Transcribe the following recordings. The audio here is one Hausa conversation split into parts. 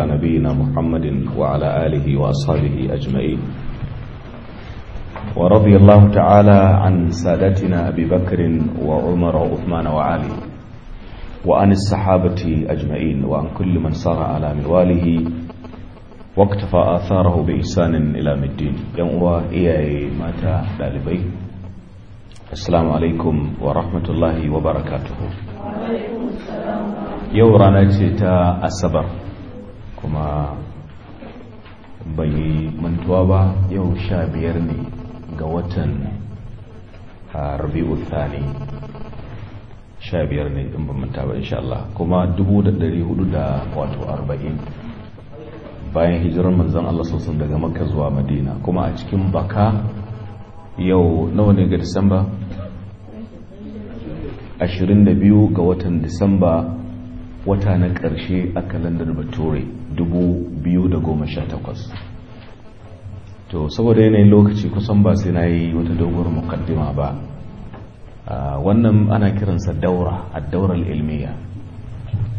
da nabina muhammadin wa ala alihi wa ashabihi ajma'i wa radiyallahu ta'ala an sadatina abubakarin wa umar wa uthman wa ali wa an sahabati ajma'in wa an kulli man sara ala miwalihi wa iktafa atharahu bi ihsanin ila middin yan uwa iyaye mata ɗalibai. assalamu wa rahmatullahi wa barakatu. yau rana ce ta asabar kuma bai mantuwa ba yau sha biyar ne ga watan wuta ah, ne, sha biyar ne in ba manta ba insha Allah kuma dubu da dari hudu da wato arba'in bayan hijirar manzan Allah sosan daga makka zuwa madina kuma a cikin baka yau nawa ne ga disamba 22 ga watan disamba wata na ƙarshe a kalandar bature 2018 to saboda yanayin lokaci kusan ba sai na yi wata doguwar mukaddima ba wannan ana kiransa daura a daurar ilmiya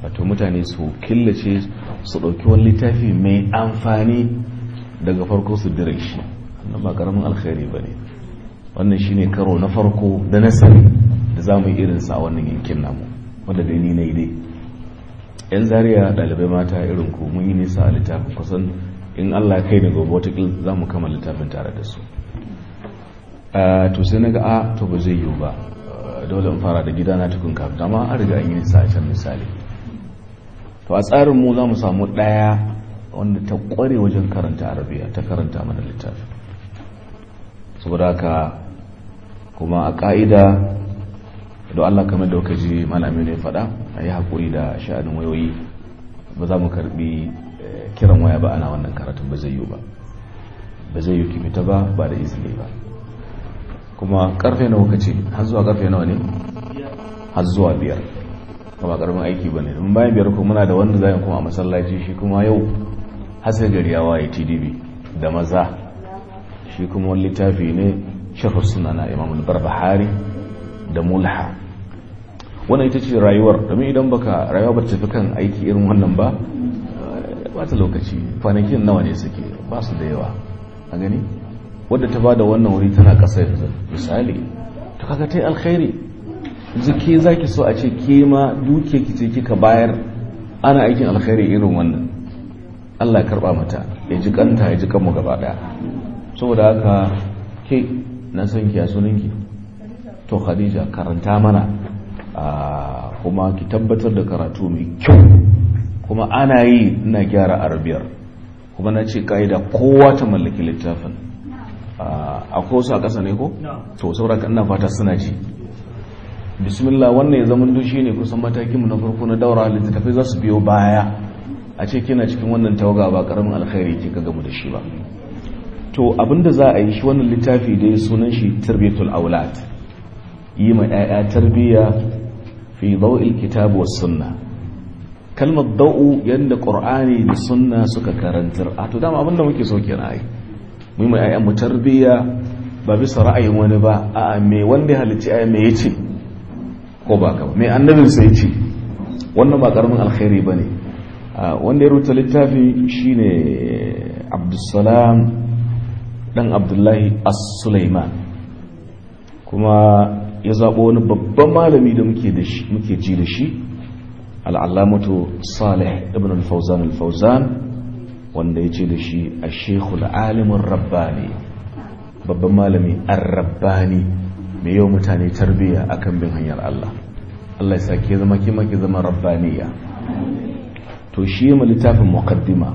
wato mutane su killace su ɗauki wani littafi mai amfani daga farko su dire shi wannan ba karamin alkhairi ba ne wannan shi ne karo na farko da na sani da za mu yi irinsa a wannan yankin namu wadda dai ni na yi dai yan zariya ɗalibai mata irin ku mun yi nisa a littafin kusan in allah kai ni gobe watakil za mu kama littafin tare da su to sai na ga a to ba zai yiwu ba dole in fara da gidana tukun kafin dama an riga an yi nisa a can misali to a tsarin mu za mu samu ɗaya wanda ta ƙware wajen karanta arabiya ta karanta mana littafi saboda haka kuma a ƙa'ida don allah kamar da kuka ji malamin ya faɗa a yi haƙuri da sha'anin wayoyi ba za mu karɓi eh, kiran waya ba ana wannan karatun ba zai yiwu ba ba zai yiwu kimita ba ba da izini ba kuma karfe na ka ce har zuwa karfe nawa ne har zuwa biyar kuma karfin aiki ba ne don bayan biyar kuma muna da wanda zai kuma a masallaci shi kuma yau hasar gari ya waye tdb da maza shi kuma wani littafi ne shafar suna na imamul barbahari da mulha wannan ita ce rayuwar domin idan baka rayuwa ba ta tafi kan aiki irin wannan ba eh, ba ta lokaci kwanakin nawa ne suke ba su da yawa a gani wadda ta ba da wannan wuri tana ƙasa yanzu misali ta kaga ta yi alkhairi jike za ki so a ce ke ma duke ki ce kika bayar ana aikin alkhairi irin wannan allah ya karɓa mata ya ji kanta ya ji kanmu gaba ɗaya saboda haka ke na san ki a ki. to khadija karanta mana kuma ki tabbatar da karatu mai kyau kuma ana yi na gyara arabiyar kuma na ce ka'ida kowa ta mallaki littafin akwai wasu a ƙasa ne ko? to sauraka ina fata suna ji bismillah wannan ya zama dushi ne kusan matakinmu na farko na daura littattafai za su biyo baya a ce kina cikin wannan tawaga ba karamin alkhairi ke ga mu da shi ba to abinda za a yi shi wannan littafi da ya sunan shi tarbiyatul aulat yi ma 'ya'ya tarbiyya fi dau'il kitabu was sunna kalmar da'u yadda ƙur'ani da sunna suka karantar a to dama abinda muke so kira yi mu yi ma 'ya'yan mu tarbiyya ba bisa ra'ayin wani ba a me wanda halicci ai me yace ko ba ka ba me annabin sa yace wannan ba karamin alkhairi bane wanda ya rubuta littafi shine Abdulsalam dan Abdullahi As-Sulaiman kuma ya zaɓo wani babban malami da muke ji da shi al'allamatu salih ibn al-fauzan al-fauzan wanda ya ce da shi a shekul alimin rabbani babban malami an rabbani mai yau mutane tarbiyya akan bin hanyar Allah Allah ya sake zama kima ke zama rabbaniya to shi yi littafin muqaddima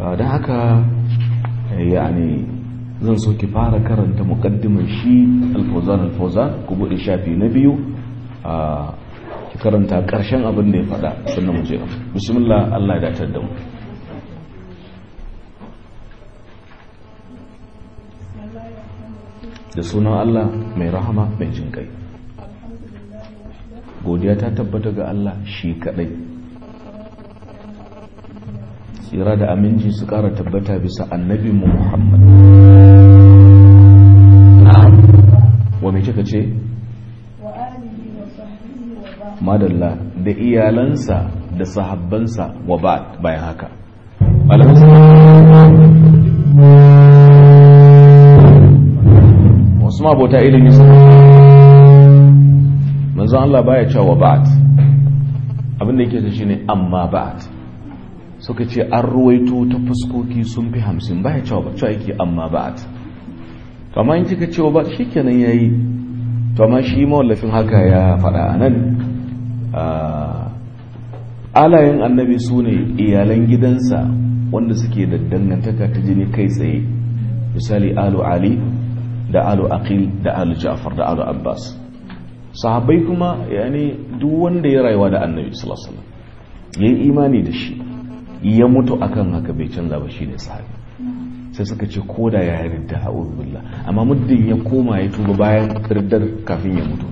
ah, don haka eh, yani zan so ki fara karanta muqaddimar shi alfawzan alfawzan ku bude shafi na biyu a ki karanta ƙarshen abin da ya faɗa sannan mu je bismillah Allah ya datar da mu da sunan Allah mai rahama mai jin kai godiya ta tabbata ga Allah shi kadai tsira da aminci su kara tabbata bisa annabi Muhammad wa mai kika ce madalla da iyalansa da sahabbansa wa ba bayan haka wasu mabota ilimi su manzan Allah baya cewa ba'at abinda yake ta ne amma ba'at suka ce an ruwaito ta fuskoki sun fi hamsin baya cewa ba cewa yake amma ba'at to amma in kika ce ba shikenan yayi to amma shi mawallafin haka ya faɗa anan ah, alayen annabi su ne iyalan gidansa wanda suke da dangantaka ta jini kai tsaye misali alu ali da alu aqil da alu ja'far da alu abbas sahabbai kuma yani duk wanda ya rayuwa da annabi sallallahu alaihi wasallam yayi imani da shi ya mutu akan haka bai canza ba ne sahabi sai suka ce ko da ya ridda a billah amma muddin ya koma ya tuba bayan riddar kafin ya mutu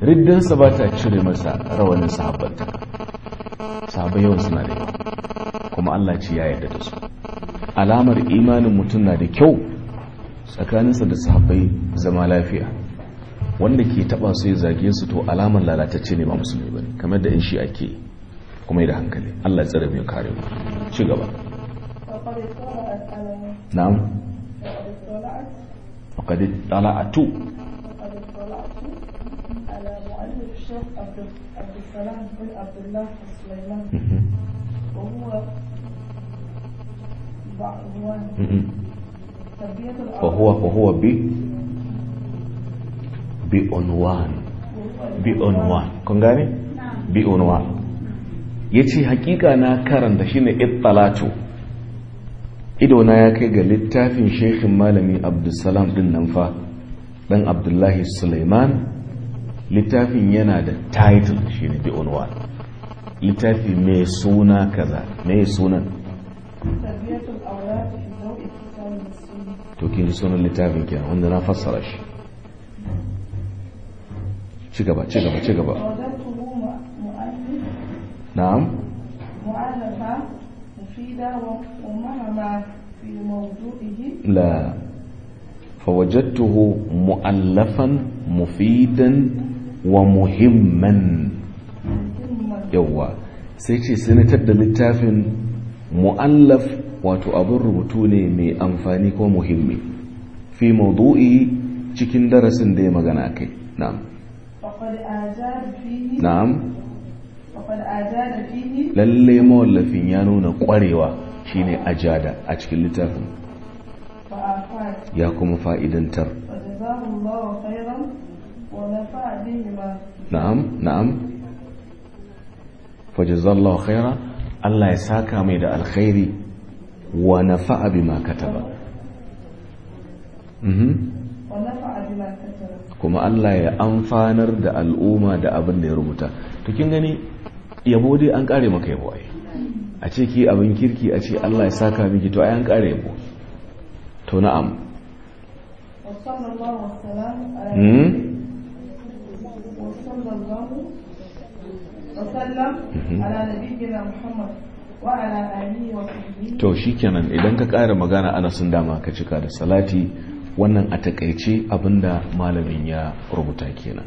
riddarsa ba ta cire masa rawanin sahabbanta sahabbai yawan suna da yawa kuma allah ce ya yarda da su alamar imanin mutum na da kyau tsakaninsa da sahabbai zama lafiya wanda ke taba su ya zage su to alamar lalatacce ne ba musulmi bane kamar da in shi ake kuma yi da hankali allah ya tsare mu ya kare mu ci gaba نعم وقد اطلعت وقد اطلعت على مؤلف الشيخ عبد السلام بن عبد الله السليماني وهو بعنوان تربية وهو وهو ب بعنوان بعنوان كون غاني نعم. بعنوان يتي حقيقه انا كارن ده shine ittalatu idona ya kai ga littafin shekin malami abdulsalam din nan fa dan abdullahi suleiman littafin yana da title shi ne bi'unwa littafi mai suna kaza mai sunan to kin sunan littafin kenan wanda na fassara shi ci gaba ci gaba ci gaba na'am كلاهما ومهما في موضوعه لا فوجدته مؤلفا مفيدا ومهما يوا سيتي سنتر da littafin muallaf wato abin rubutu ne mai amfani ko muhimmi fi mawdu'i cikin darasin da ya magana kai na'am na'am lalle mawallafin ya nuna kwarewa shine ajada a cikin littafin ya kuma fa'idantar na'am na'am fajazallahu khaira Allah ya saka mai da alkhairi wa nafa'a bima kataba mhm wa nafa'a bima kataba kuma Allah ya amfanar da al'umma da abin da ya rubuta to kin gani yabo dai an kare maka yabo ai a ce ki abin kirki a ce Allah ya saka miki to ai an kare yabo to na'am hmm? Hmm. to shikenan idan ka ƙara magana ana sun dama ka cika da salati wannan a takaice abinda malamin ya rubuta kenan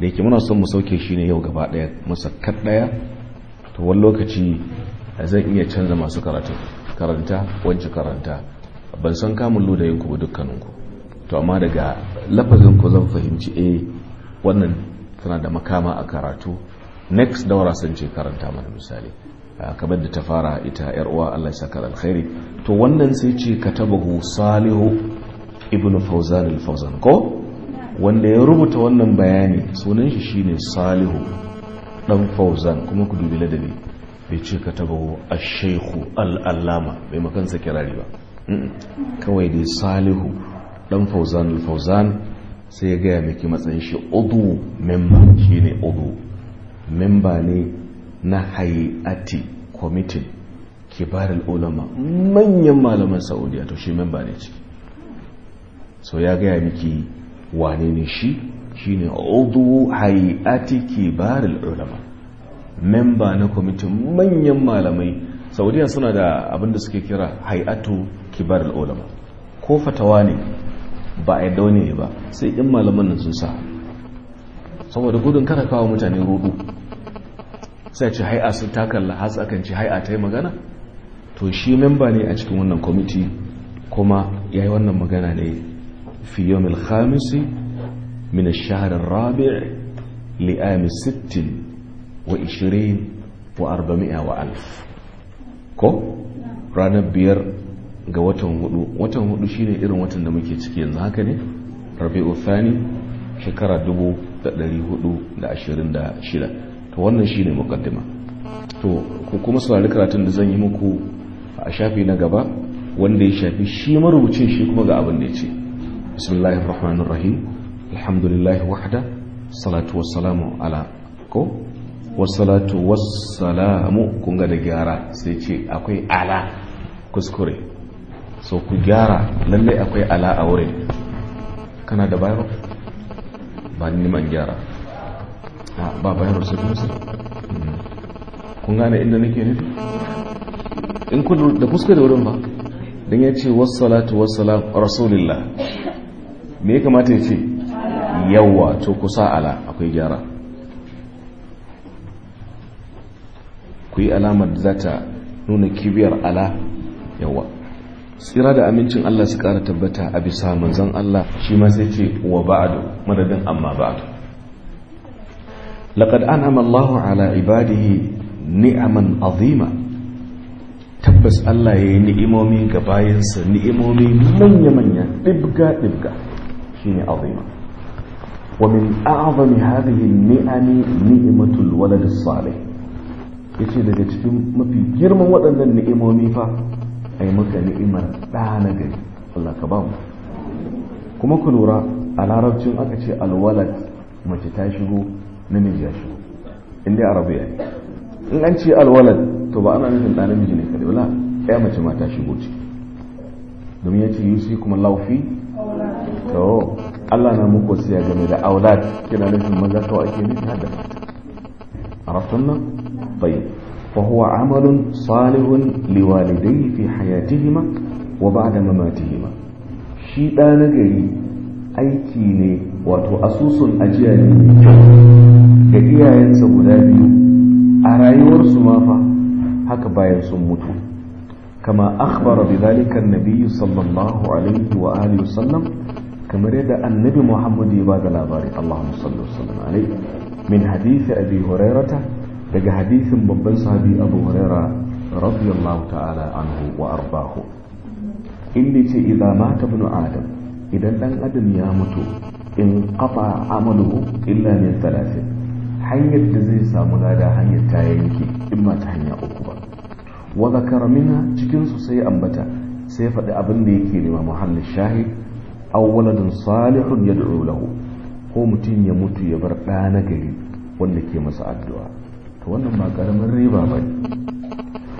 da yake muna son mu sauke shi ne yau gaba daya musakkar daya to wani lokaci zan iya canza masu karatu karanta wancan karanta ban san kamun luda yanku ba dukkaninku to amma daga lafazin ku zan fahimci eh wannan tana da makama a karatu next daura sun ce karanta mana misali ah, kamar da ta fara ita yar uwa Allah ya saka alkhairi to wannan sai ce ka katabahu salihu Ibnu fauzan al-fauzan ko wanda ya rubuta wannan bayani sunan shi shine salihu dan fauzan kuma ku dubi ladabi bai ce ka taba al shaykhu al-allama bai makansa kirari ba kawai dai salihu dan fauzan al-fauzan sai ya gaya miki matsayin shi udu memba shine udu memba ne na hayati committee kibar ulama manyan malaman saudiya to shi memba ne ciki so ya gaya miki wane ne shi shine udu hay'ati kibarul al'ulama memba na kwamitin manyan malamai saudiya suna da abinda suke kira hay'atu kibarul al'ulama ko fatawa ne ba a yadda ne ba sai in malaman nan sun sa saboda gudun kada kawo mutane rudu sai ce hai'a sun takalla hatsa kan ce hai'a ta yi magana to shi memba ne a cikin wannan kwamiti kuma ya yi wannan magana ne في يوم الخامس من الشهر الرابع لآم ست وعشرين وأربعمائة وألف كو رانا بير ga watan huɗu? watan huɗu shine irin watan da muke ciki yanzu haka ne rabi'u thani shekara 1426 to wannan shine mukaddima to ko kuma saurari karatun da zan yi muku a shafi na gaba wanda ya shafi shi marubucin shi kuma ga abin da ya ce bismillahirrahmanirrahim alhamdulillah wahda salatu wassalamu ala ko الصلاة wassalamu so ku gyara lallai akwai ala a wurin kana da ba neman gyara ah, ba bayan sai kuma sai hmm. kun gane inda nake ne in da kuskure wurin ba don ya ce wasu salatu rasulillah me ya kamata ya ce yawwa to kusa ala akwai gyara ku yi alamar da za ta nuna kibiyar ala yawa tsira da amincin Allah su kara tabbata a bisa manzan Allah shi ma sai ce wa ba'adu madadin amma ba'adu laqad an amallahu ala ibadihi ni'aman azima tabbas Allah ya yi ni'imomi ga bayansa ni'imomi manya-manya ɗibga-ɗibga. shine azima wa min a'zami hadhihi ni'ami ni'matul walad salih yace daga cikin mafi girman waɗannan ni'imomi fa ai maka ni'imar da na gari Allah ka ba mu kuma ku lura a larabcin aka ce alwalad mace ta shigo namiji ya shigo inda arabiya ne in an ce alwalad to ba ana nufin ɗan namiji ne kadai wala ya mace ma ta shigo ce domin ya ce yusi kuma laufi to Allah na muku siya game da aulad kina nufin maza kawai ake nufi hada arafin nan tayyib fa huwa amalun salihun liwalidayhi fi hayatihima wa ba'da mamatihima shi da na gari aiki ne wato asusun ajiya ne ga iyayensa guda biyu a rayuwarsu ma fa haka bayan sun mutu كما أخبر بذلك النبي صلى الله عليه وآله وسلم kamar yadda annabi muhammadu ya ba da labari allahumma salli wasallam alaihi min hadisi abi hurairata daga hadisin babban sahabi abu huraira radiyallahu ta'ala anhu wa arbahu inda ce idan mata adam idan dan adam ya mutu in kafa amaluhu illa min thalathin hanyar da zai samu lada hanyar ta yanke in ma ta hanya uku ba wa zakara minha cikin su sai ambata sai faɗi abin da yake nema muhallin shahid aw salihun ya yad'u lahu ko mutum ya mutu ya bar ɗa na gari wanda ke masa addu'a to wannan ba karamin riba kana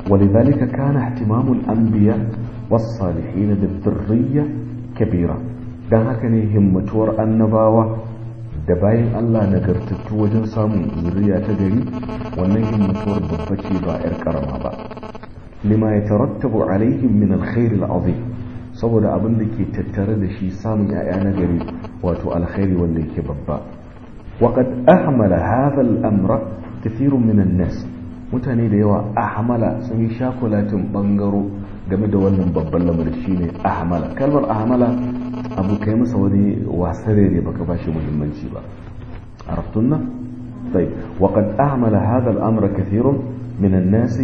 ولذلك كان اهتمام الأنبياء da بالذرية kabira dan haka ne himmatuwar annabawa da bayan Allah nagartattu wajen samun zuriya ta gari wannan himmatuwar babba ce ba 'yar karama ba lima ya tarattabu alaihim min alkhairil azim saboda abin da ke tattare da shi samun ya'ya na gari wato alkhairi wanda yake babba waqad ahmala hadha amra kathirun min nas mutane da yawa ahmala sun yi shakulatin bangaro game da wannan babban lamarin shine ahmala kalmar ahmala abu kai masa wani wasare ne baka bashi muhimmanci ba araftunna طيب وقد أهمل هذا الأمر كثير من الناس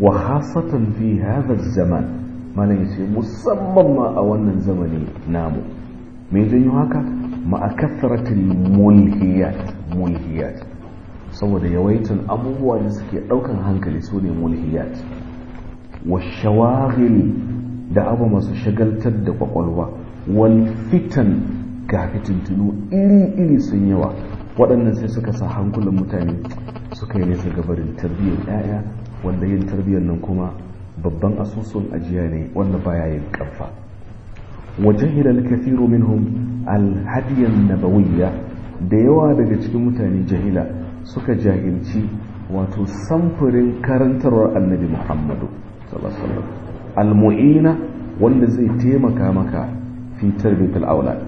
وخاصة fi هذا الزمان malam ce musamman ma a wannan zamani namu me janyo haka ma'a kasratil mulhiyat mulhiyat saboda yawaitan abubuwa da suke daukan hankali su ne mulhiyat wa shawaghil da abu masu shagaltar da kwakwalwa wal fitan ga fitintunu iri-iri sun yawa waɗannan sai suka sa hankulan mutane suka yi nesa gabarin tarbiyyar 'ya'ya wanda yin tarbiyyar nan kuma babban asusun ajiya ne wanda baya yin kamfa waje al-kathiru minhum al-hadiyan nabawiyya da yawa daga cikin mutane jahila suka jahilci wato samfurin karantarwar annabi muhammadu almu'ina wanda zai taimaka maka fitar tarbiyatul aulad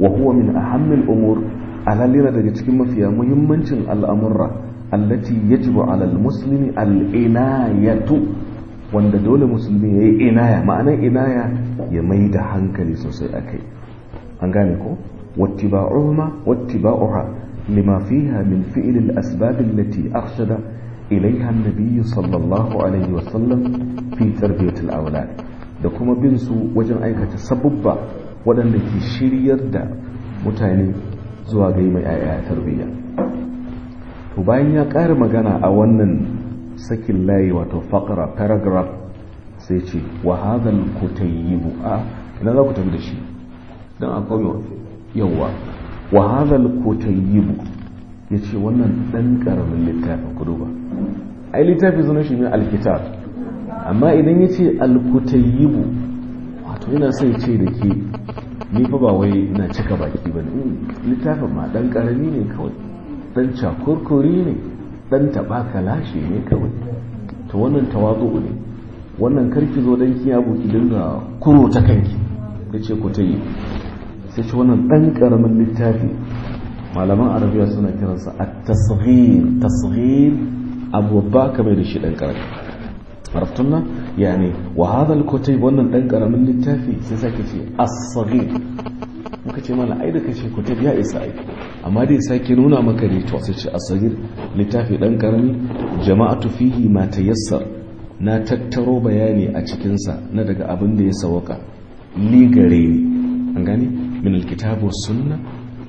wa huwa min ahammin umur alalira daga cikin mafiya muhimmancin al'amurra allati yajibu alal muslimi al'inayatu wanda dole musulmi ya yi inaya ma'anar inaya ya mai da hankali sosai a kai an gane ko ba wattiba'uha lima fiha min fi'il al lati allati arshada ilayha an-nabiy sallallahu alaihi wa sallam fi tarbiyat al da kuma bin su wajen aikata sabubba waɗanda ke shiryar da mutane zuwa ga mai yaya tarbiyya to bayan ya ƙara magana a wannan sakin layi wato fakara paragraph sai ce wa hadhal kutayyibu a ina za ku tafi da shi don a kawo yawa wa hadhal kutayyibu ce wannan ɗan karamin littafin ba a yi littafi sunan shi ne alkitab amma idan ya yace alkutayyibu wato yana sai ce da ke ni fa ba wai na cika baki ba ne mm, littafin ma ɗan ƙarami ne kawai ɗan cakurkuri ne dan taɓa ka lashe ne kawai ta wannan tawazu ne wannan karki zo dan ki yabo ki dinga kuro ta kanki yace ku ta yi sai ce wannan dan karamin littafi malaman arabiya suna kiransa at-tasghir tasghir abu baka mai da shi dan karamin arftun nan yani wa hadha al-kutub wannan ɗan karamin littafi sai sake ce muka ce mana ai da kace kutub ya isa aiki amma dai sake nuna maka ne to sai ce asagir littafi dan karami jama'atu fihi ma tayassar na tattaro bayani a cikin sa na daga abin da ya sawaka ni gare ni an gane min alkitabu sunna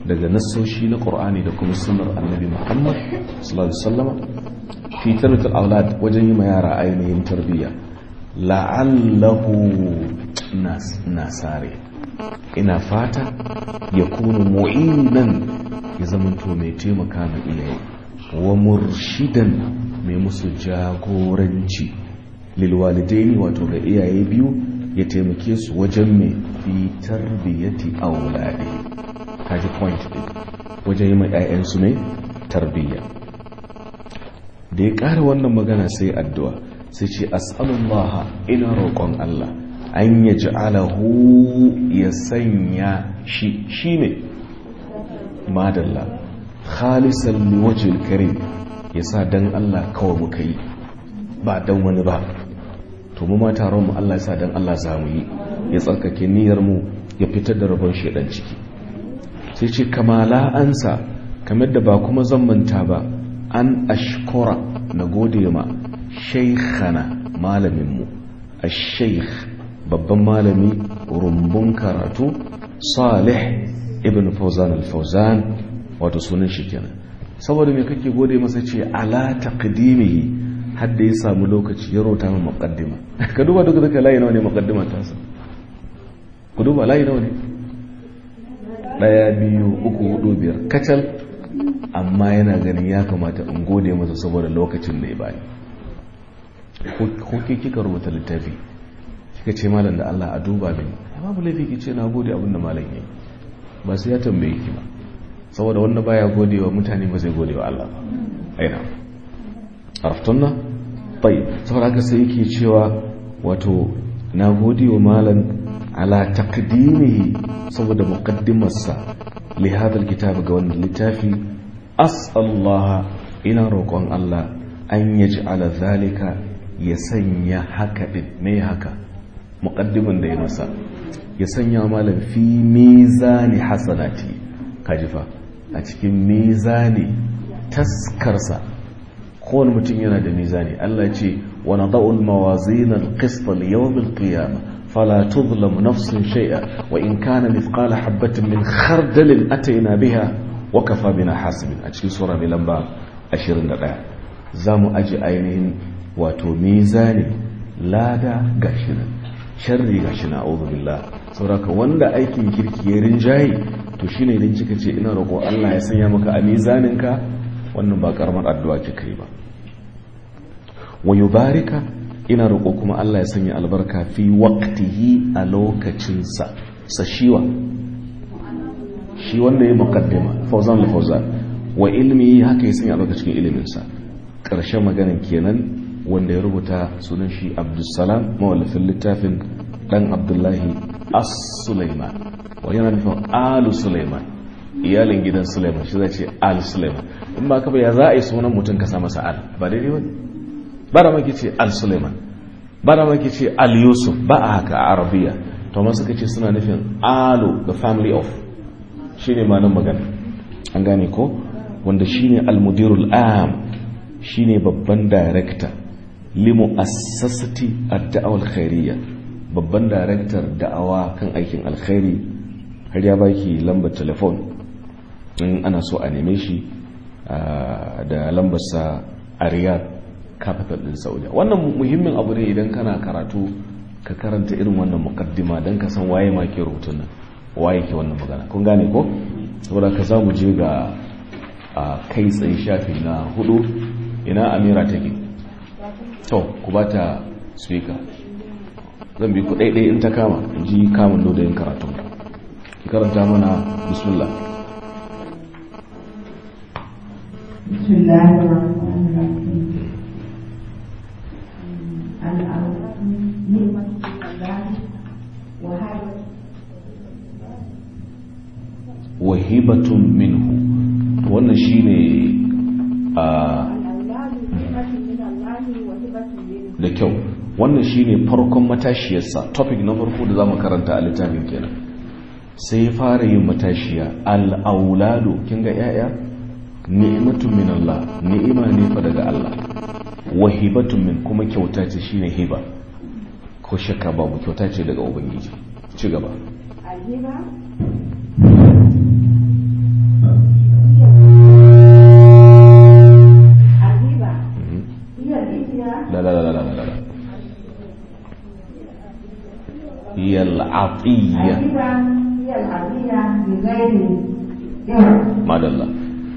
daga nassoshi na qur'ani da kuma sunnar annabi muhammad sallallahu alaihi wasallama fi tarbiyatul aulad wajen yi ma yara ainihin tarbiyya la'allahu nasare ina fata ya kunu mu'inan ya zamanto mai taimaka ma iyaye wa murshidan mai musu jagoranci lilwalidaini wato ga iyaye biyu ya taimake su wajen mai fi tarbiyyati aulade kaji point wajen yi ma 'ya'yansu ne tarbiyya da ya ƙara wannan magana sai addu'a sai ce as'alullaha ina roƙon Allah an ya ji alahu ya sanya shi shi ne madalla khalisan mawajin kare ya sa don Allah kawai muka yi ba don wani ba to mu mata taron mu Allah ya sa don Allah za mu yi ya tsarkake niyyar mu ya fitar da rabon shaidan ciki sai ce kamala ansa kamar da ba kuma zan manta ba an ashkora na gode ma shaikhana malaminmu a shaikh babban malami rumbun karatu salih ibn fauzan al-fauzan wato sunan shi kenan saboda me kake gode masa ce ala taqdimihi hadda ya samu lokaci ya rota min muqaddima ka duba duka duka layi nawa ne muqaddima ta sa ku duba layi nawa ne daya biyu uku hudu biyar kacal amma yana ganin ya kamata in gode masa saboda lokacin da ya bani ko ke kika rubuta littafi ya ce malam da Allah a duba min babu laifi ki ce na gode abin da malam yi ba sai ya tambaye ki ba saboda wanda baya gode wa mutane ba zai gode wa Allah ba aina araftunna tayyib saboda aka sai yake cewa wato na gode wa malam ala taqdimihi saboda muqaddimarsa li hadha alkitab ga wannan littafi as'alullah ina roƙon Allah an yaj'ala zalika ya sanya haka din me haka muƙaddimin da ya masa ya sanya malam fi mizani hasanati kajifa a cikin mizani taskarsa kowane mutum yana da mizani Allah ce wani nada'ul mawazin kristal qist al-yawm al-qiyamah nafsun shai'a wa in kana mithqala habatin min khardalin atayna biha wa kafa bina hasibin a cikin sura mai lamba 21 zamu aji ainihin wato mizani lada gashirin sharri ga shi na'udhu billah sauraka wanda aikin kirki ya rinjaye to shine idan kika ce ina roƙo Allah ya sanya maka a mizaninka wannan ba karamar addu'a kika yi ba wa yubarika ina roƙo kuma Allah ya sanya albarka fi waqtihi a lokacinsa sa shiwa shi wanda ya muqaddima fawzan al fawzan wa ilmi haka ya sanya albarka cikin iliminsa ƙarshen maganar kenan wanda ya rubuta sunan shi abdulsalam mawallafin littafin dan abdullahi as-sulaiman wa yana nufin alu sulaiman iyalin gidan sulaiman shi za ce al sulaiman in ba ka ba ya za a yi sunan mutum ka sa masa al ba daidai ba ba da maki ce al sulaiman ba da maki ce al yusuf ba a haka a arabiya to ma suka ce suna nufin alu the family of shine ma'anar magana an gane ko wanda shine al mudirul am shine babban director limu assasati a da'awar khairiyya babban daraktar da'awa kan aikin alkhairi har ya baki lambar telefon in ana so a neme shi da lambarsa a riyad capital din saudiya wannan muhimmin abu ne idan kana karatu ka karanta irin wannan mukaddima don ka san waye ma ke rubutun nan waye ke wannan magana kun gane ko saboda ka za mu je ga kai tsaye shafi na hudu ina amira take to ku ba ta speaker zan bi ku ɗaiɗai in ta kama in ji kamun lodayin karatu ki karanta mana bismillah bismillah shine farkon matashiyarsa topic na farko da za mu karanta a littafin kenan sai ya fara yin matashiya al'aulado kin ga yaya ni'matun min Allah ni'ima ne fa daga Allah wahibatun min kuma kyauta ce shine hiba ko shakka babu kyauta ce daga ubangiji ci gaba هي العطية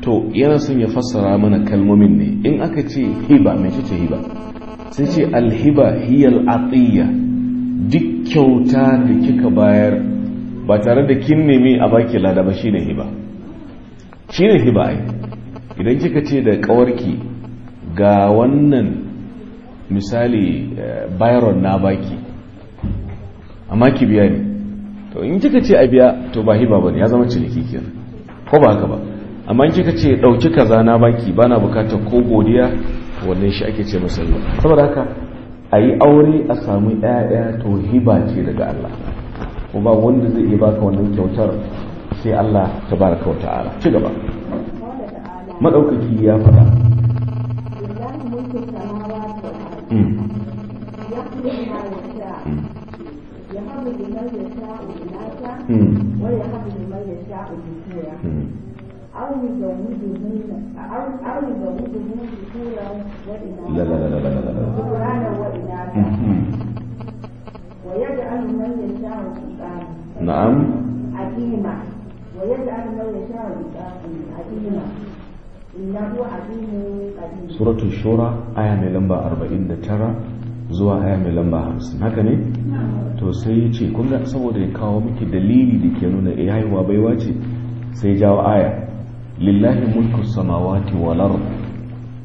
to yana son ya fassara mana kalmomin ne in aka ce hiba mai ce hiba sai ce alhiba hiyar atiyya duk kyauta da kika bayar ba tare da kin nemi a baki lada ba shine hiba shine hiba ai idan kika ce da kawarki ga wannan misali eh, byron na baki amma ki biya ne to in kika ce a biya to ba hiba bane ya zama ciniki kenan ko ba haka ba amma in kika ce dauki kaza na baki bana bukatar ko godiya wannan shi ake ce masa saboda haka ayi aure a samu ƴaƴa to hiba ce daga Allah ko ba wanda zai iya baka wannan kyautar sai Allah tabaraka wa ta'ala ci gaba madaukaki ya faɗa Mm. من يشاء إناثا ويهب لمن يشاء الذكورا أو يزوجهن أو أو يزوجهن ذكورا وإناثا لا لا لا لا لا ذكرانا وإناثا ويجعل من يشاء نعم عديما ويجعل من يشاء عديما إنه عديم قدير سورة الشورى آية لمبة 49 zuwa aya mai lamba hamsin haka ne to sai ya ce kunga saboda ya kawo miki dalili da ke nuna ya eh, haihuwa baiwa ce sai jawo aya lillahi mulkin samawati walar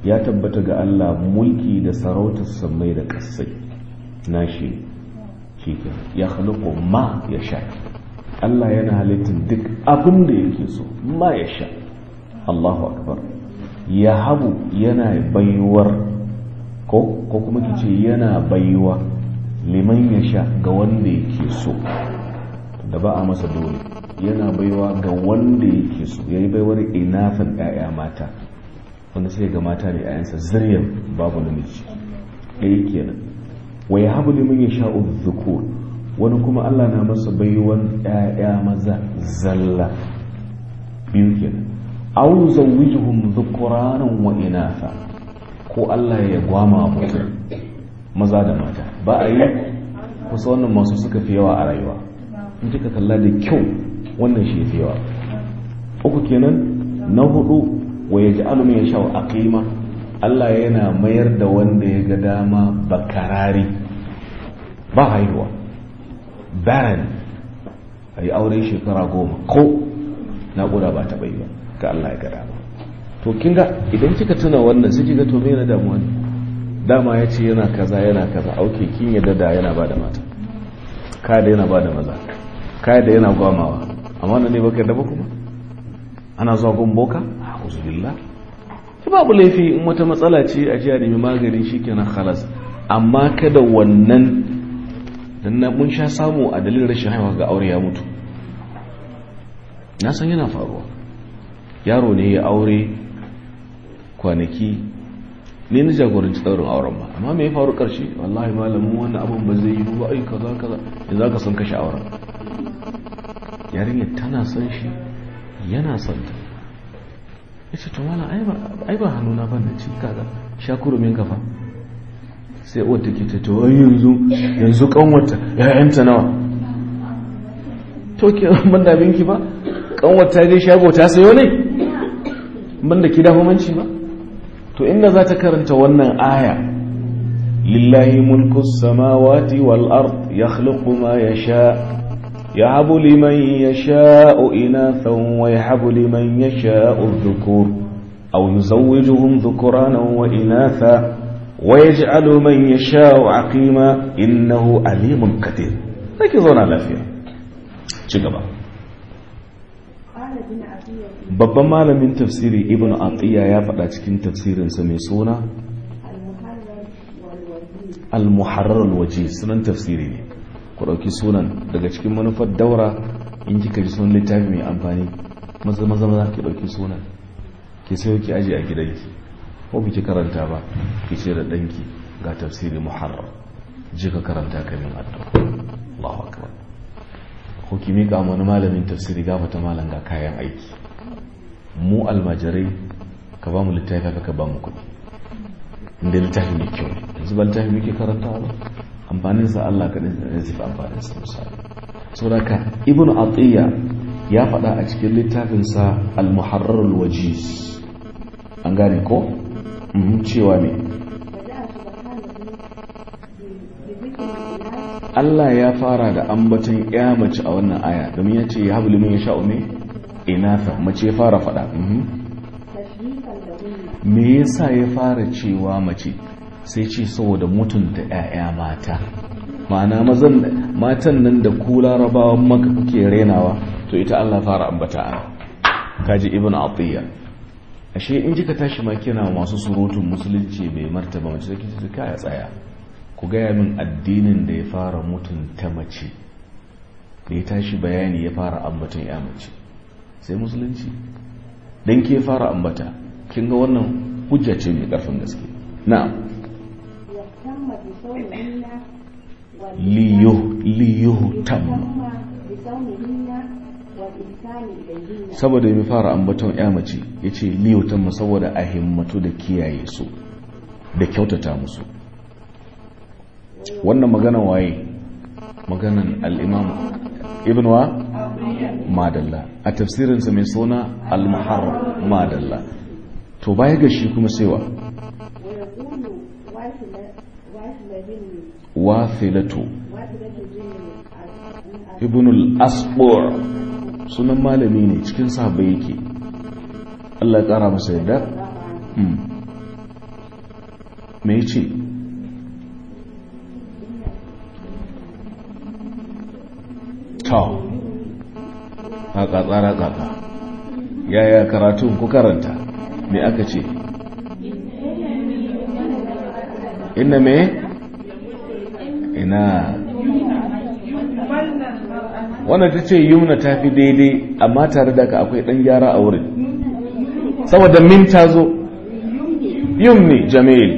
ya tabbata ga Allah mulki da sarautar samai da kasai nashi shike ya halittu ma ya sha Allah yana halittin duk abin da yake so ma ya sha Allahu akbar ya habu yana baiwar ko kuma ki ce yana baiwa liman ya sha ga wanda yake so da ba a masa dole yana baiwa ga wanda yake so ya yi baiwar inafin 'ya'ya mata wanda sai ga mata da 'ya'yansa zuriyar babu namiji ɗaya kenan wai ya habu liman ya sha dhukur wani kuma Allah na masa baiwan 'ya'ya maza zalla biyu kenan aw wujuhun dhukuranan wa inafa ko Allah ya gwama mutum maza da mata ba a yi kusa wannan masu suka fi yawa a rayuwa in kika kalla da kyau wannan shi fi yawa uku kenan na hudu wa ya ji alumin ya sha'u aqima Allah yana mayar da wanda ya ga dama bakarari ba haihuwa Barren a yi auren shekara goma ko na ƙuda ba ta bai ba ga Allah ya ga dama to kinga idan kika tuna wannan sai kiga to me yana damuwa ne dama ya ce yana kaza yana kaza auke kin yadda da yana da mata ka da yana ba da maza ka da yana gwamawa amma nan ne baka da ba kuma ana zuwa gun boka a'udhu ki babu laifi in wata matsala ce a jiya a nemi maganin shikenan khalas amma kada wannan dan na mun sha samu a dalilin rashin haihuwa ga aure ya mutu na san yana faruwa yaro ne ya aure kwanaki ne na jagoranci ɗaurin auren ba amma me ya faru ƙarshe wallahi malamin wannan abin ba zai yi ba ai kaza kaza da za ka san kashe auren yarinyar tana son shi yana son ta ya ce tumala ai ba hannuna ba na ci kaga sha kurumin kafa sai uwar take ta to yanzu yanzu kanwata yayanta nawa to ke ban da binki ba kanwata dai shago ta sayo ne ban da ki dafa manci ba to inda za ta karanta wannan aya lillahi mulku samawati wal ard yakhluqu ma yasha yahabu liman yasha inatha wa yahabu liman yasha'u dhukur aw yuzawwijuhum dhukuranan wa inatha wa yaj'alu man yasha aqima innahu alimun qadir kake zauna lafiya ci gaba babban malamin tafsiri ibn atiya ya faɗa cikin tafsirinsa mai suna al-muharrar waje sunan tafsiri ne ku ɗauki sunan daga cikin manufar daura in kika ji sunan littafi mai amfani maza maza maza ki ɗauki sunan ki sayo ki aje a gidanki ko biki karanta ba ki ce da ɗanki ga tafsiri muharrar ji ka karanta kamin addu'a Allahu akbar ko ki miƙa wani malamin tafsiri gafata malam ga kayan aiki mu almajirai ka ba mu littafi ka ba mu kudi inda littafi mai kyau yanzu ba littafi muke karanta ba amfanin sa Allah ka ne zai fi amfanin sa misali saboda ka ibn atiya ya faɗa a cikin littafin sa al-muharrar al-wajiz an gane ko mhm, cewa ne Allah ya fara da ambaton ƴa mace a wannan aya domin ya ce ya hablu min ya sha'u ne inatha mace fara faɗa mhm. me yasa ya fara cewa mace sai ce saboda mutunta 'ya'ya mata ma'ana mazan matan nan da ku larabawan maka kuke renawa to ita Allah fara ambata a kaji ibn atiyya ashe in kika tashi ma kina masu surutun musulunci mai martaba mace sai kike kaya tsaya ku gaya min addinin da ya fara mutunta mace da ya tashi bayani ya fara ambaton ya mace sai musulunci don ke fara ambata kin ga wannan hujja ce mai ƙarfin gaske na'am liyo tamma saboda ya fara ambaton ya mace ya ce liyo tamma saboda a himmatu da kiyaye su da kyautata musu wannan maganan waye maganan al'imam ibn wa madalla a tafsirinsa mai suna al madalla to baya ga shi kuma saiwa wafilatu ibn al-asbur sunan malami ne cikin sahabbai yake Allah ya kara masa yadda hmm. me yace to a katsara kaka. yaya karatun ku karanta me aka ce inna me ina wannan ta ce yumna ta fi daidai amma tare da ka akwai ɗan gyara a wurin saboda min ta zo yumni jamil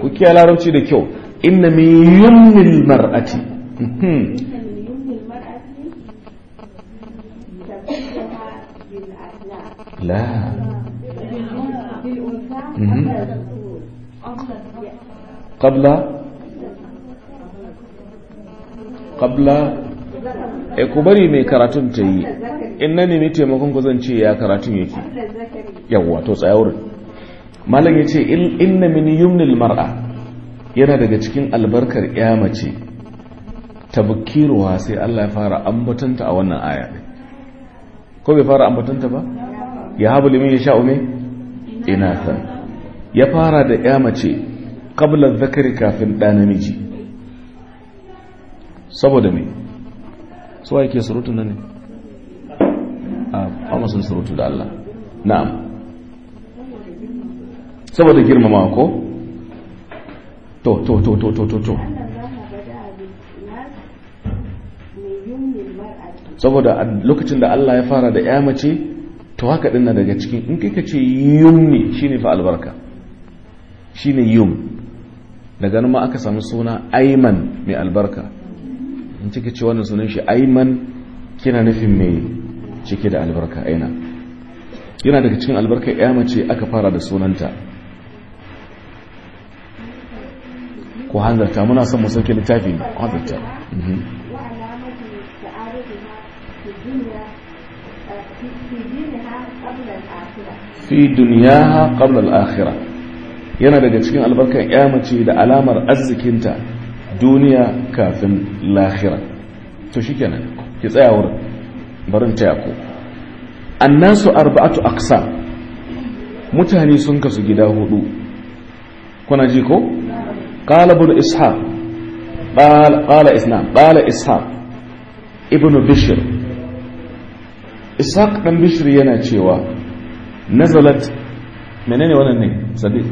ku kiya larabci da kyau inna min yumnil mar'ati hmm. لا قبل قبل ku bari mai karatun ta yi in na nemi taimakon ku zan ya karatun yake yawwa to tsaya malam ya ce na mini yumnil mar'a yana daga cikin albarkar ya mace tabkiruwa sai Allah ya fara ambatanta a wannan aya ko bai fara ambatanta ba ya habu limin ya sha'ume? inata ya fara da ya mace kablar zakari kafin ɗa namiji saboda mai suwa yake surutu na ne ah, a amasin surutu da Allah na'am saboda girmama ko to to to to to to to saboda lokacin da Allah ya fara da ya mace to haka dinna daga cikin in kai ka ce yum ne shine fa albarka shine yum daga nan ma aka samu suna aiman mai albarka in kika ce wannan sunan shi aiman kina nufin me cike da albarka aina yana daga cikin albarka ya mace aka fara da sunanta Ko hanzarta muna son mu sauke littafi hanzarta mhm. fi duniyaha qabla al yana daga cikin albarkar ya mace da alamar arzikinta duniya kafin lahira to kenan ki tsaya wurin barin taya ku annasu arba'atu aqsa mutane sun kasu gida hudu kuna ji ko qala ibn ishaq qala isnam qala ishaq ibn bishr isaq dan bishr yana cewa نزلت من al'aya وانا صديق